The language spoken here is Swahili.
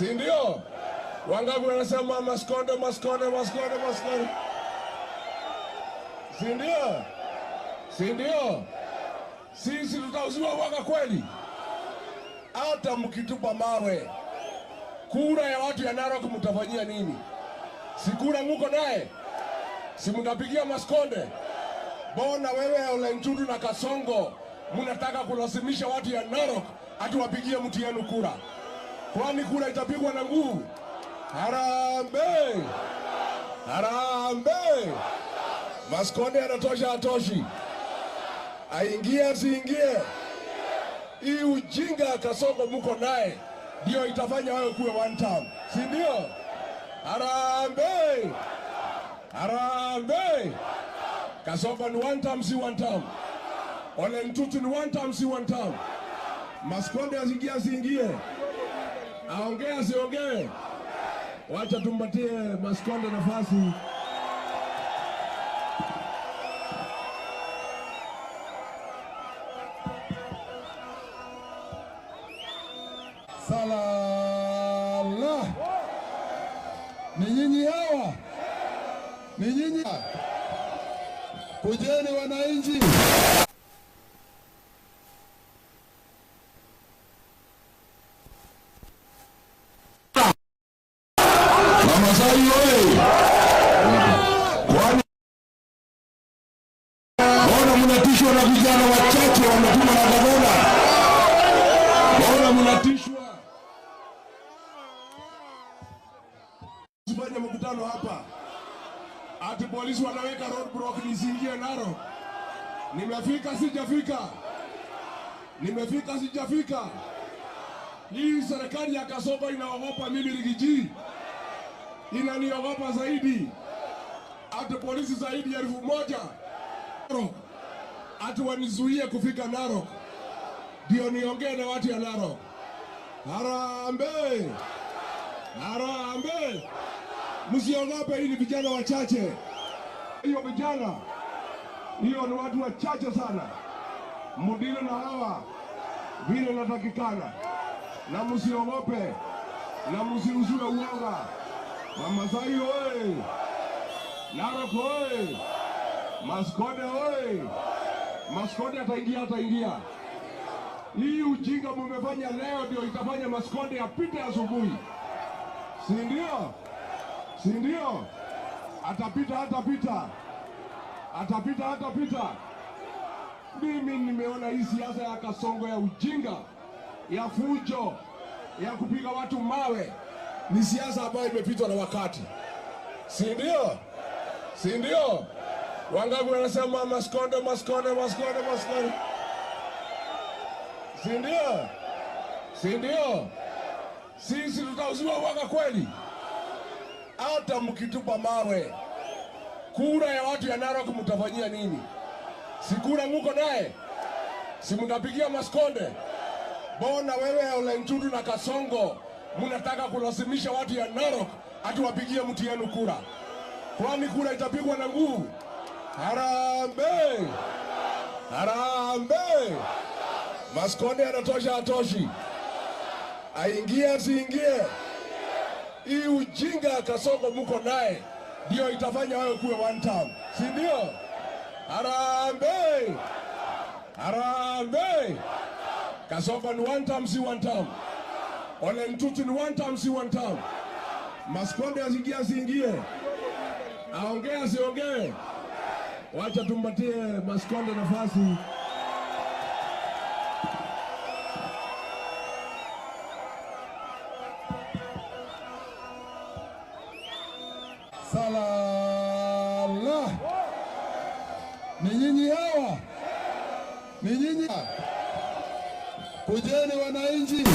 si ndio? Wangapi wanasema Maskonde, Maskonde, Maskonde, Maskonde, si ndio? Si ndio? Sisi tutauziwa mwaka kweli? Hata mkitupa mawe kura ya watu ya Narok mtafanyia nini? Si kura muko naye, si mtapigia Maskonde? Bona wewe Ole na Kasongo munataka kulazimisha watu ya Narok ati wapigie mtu yenu kura? kwani kura itapigwa na nguvu. Harambe, harambe! Maskonde anatosha, atoshi, aingie asiingie? Hii ujinga kasoko muko naye ndio itafanya wewe kuwe one town, si ndio? Harambe, harambe! Kasoko ni one town, si one town. Ole Ntutu ni one town, si one town. Maskonde asiingie, asiingie? aongee asiongee? Wacha tumpatie Maskonde nafasi. Salala, ni nyinyi hawa, ni nyinyi, kujeni wananchi. ati polisi wanaweka roadblock nisiingie naro. Nimefika sijafika, nimefika sijafika. Hii serikali ya Kasoba inaogopa mimi Rigiji, inaniogopa zaidi. Ati polisi zaidi ya elfu moja ati wanizuie kufika Narok ndio niongee na watu ya Narok. Harambee! Harambee! msiogope, hii ni vijana wachache. Hiyo vijana hiyo ni watu wachache sana, mudile na hawa vile natakikana, na msiogope na msiuzue uoga. Wamasai oye! Narok oye! Maskode oye! Maskode ataingia, ataingia. Hii ujinga mumefanya leo ndio itafanya Maskode apite asubuhi, si ndio? si ndio? Atapita, hatapita, atapita, Mimi nimeona hii siasa ya kasongo ya ujinga, ya fujo, ya kupiga watu mawe ni siasa ambayo imepitwa na wakati, si ndio? Si ndio? Wangapi wanasema Maskonde, Maskonde, Maskonde, Maskonde, si ndio? Si ndio? Sisi tutauziwa uwaga kweli? hata mkitupa mawe kura ya watu ya Narok mtafanyia nini? Si kura muko naye, si mnapigia Maskonde? Bona wewe Ole na Kasongo mnataka kulazimisha watu ya Narok atuwapigie mtu yenu kura? Kwani kura itapigwa na nguvu? Harambe, harambe! Maskonde anatosha, atoshi? Aingie asiingie? hii ujinga ya kasongo muko naye ndio itafanya wewe kuwe one town, si ndio? Harambe, harambee! Kasongo ni one town, si one town. Ole Ntutu ni one town, si one town. Maskonde asiingie, asiingie, aongee, asiongee. Wacha tumpatie Maskonde nafasi. Halala. Ni nyinyi hawa, ni nyinyi. Kujeni wananchi.